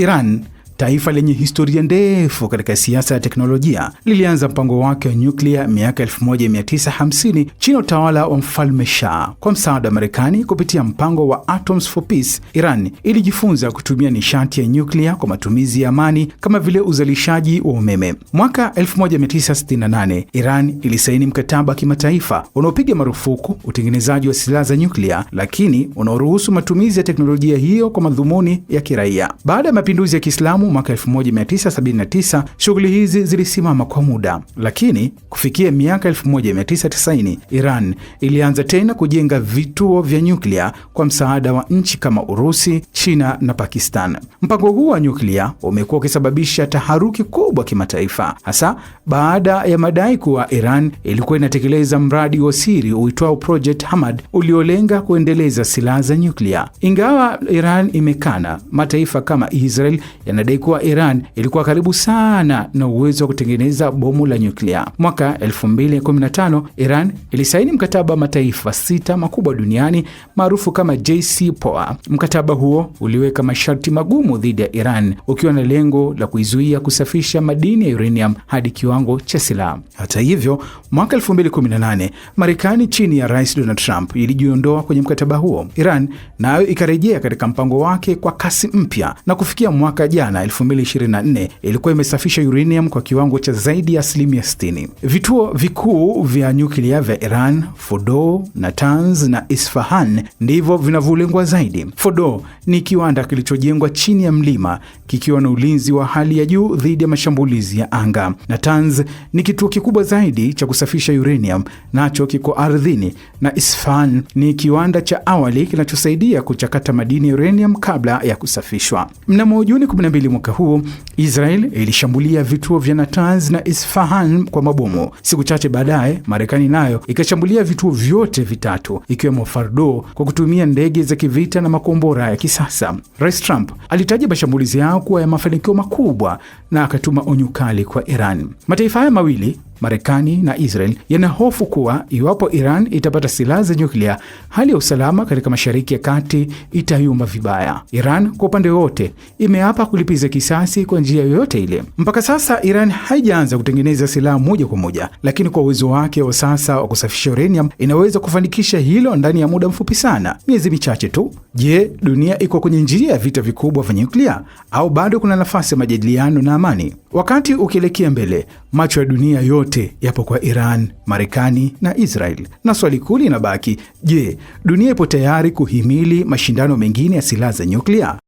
Iran taifa lenye historia ndefu katika siasa ya teknolojia lilianza mpango wake wa nyuklia miaka 1950 chini ya utawala wa mfalme Shah. Kwa msaada wa Marekani kupitia mpango wa Atoms for Peace, Iran ilijifunza kutumia nishati ya nyuklia kwa matumizi ya amani kama vile uzalishaji wa umeme. Mwaka 1968 Iran ilisaini mkataba wa kimataifa unaopiga marufuku utengenezaji wa silaha za nyuklia, lakini unaoruhusu matumizi ya teknolojia hiyo kwa madhumuni ya kiraia. Baada ya mapinduzi ya Kiislamu mwaka 1979 shughuli hizi zilisimama kwa muda, lakini kufikia miaka 1990 Iran ilianza tena kujenga vituo vya nyuklia kwa msaada wa nchi kama Urusi, China na Pakistan. Mpango huu wa nyuklia umekuwa ukisababisha taharuki kubwa kimataifa, hasa baada ya madai kuwa Iran ilikuwa inatekeleza mradi wa siri uitwao Project Hamad uliolenga kuendeleza silaha za nyuklia. Ingawa Iran imekana, mataifa kama Israel yanadai ilikuwa Iran ilikuwa karibu sana na uwezo wa kutengeneza bomu la nyuklia. Mwaka 2015 Iran ilisaini mkataba wa mataifa sita makubwa duniani maarufu kama JCPOA. Mkataba huo uliweka masharti magumu dhidi ya Iran ukiwa na lengo la kuizuia kusafisha madini ya uranium hadi kiwango cha silaha. Hata hivyo, mwaka 2018 Marekani chini ya Rais Donald Trump ilijiondoa kwenye mkataba huo. Iran nayo ikarejea katika mpango wake kwa kasi mpya na kufikia mwaka jana na 2024 ilikuwa imesafisha uranium kwa kiwango cha zaidi ya asilimia 60. Vituo vikuu vya nyuklia vya Iran, Fordo, Natanz na Isfahan ndivyo vinavyolengwa zaidi. Fordo ni kiwanda kilichojengwa chini ya mlima kikiwa na ulinzi wa hali ya juu dhidi ya mashambulizi ya anga. Natanz ni kituo kikubwa zaidi cha kusafisha uranium, nacho kiko ardhini, na Isfahan ni kiwanda cha awali kinachosaidia kuchakata madini ya uranium kabla ya kusafishwa. Mnamo Juni 12 mwaka huu Israel ilishambulia vituo vya Natanz na Isfahan kwa mabomu. Siku chache baadaye, Marekani nayo ikashambulia vituo vyote vitatu ikiwemo Fardo kwa kutumia ndege za kivita na makombora ya kisasa. Rais Trump alitaja mashambulizi yao kuwa ya mafanikio makubwa na akatuma onyo kali kwa Iran. Mataifa haya mawili Marekani na Israel yanahofu kuwa iwapo Iran itapata silaha za nyuklia, hali ya usalama katika Mashariki ya Kati itayumba vibaya. Iran kwa upande wote imeapa kulipiza kisasi kwa njia yoyote ile. Mpaka sasa Iran haijaanza kutengeneza silaha moja kwa moja, lakini kwa uwezo wake wa sasa wa kusafisha uranium inaweza kufanikisha hilo ndani ya muda mfupi sana, miezi michache tu. Je, dunia iko kwenye njia ya vita vikubwa vya nyuklia au bado kuna nafasi ya majadiliano na amani? Wakati ukielekea mbele, macho ya dunia yote yote yapo kwa Iran, Marekani na Israel. Na swali kuu linabaki, je, dunia ipo tayari kuhimili mashindano mengine ya silaha za nyuklia?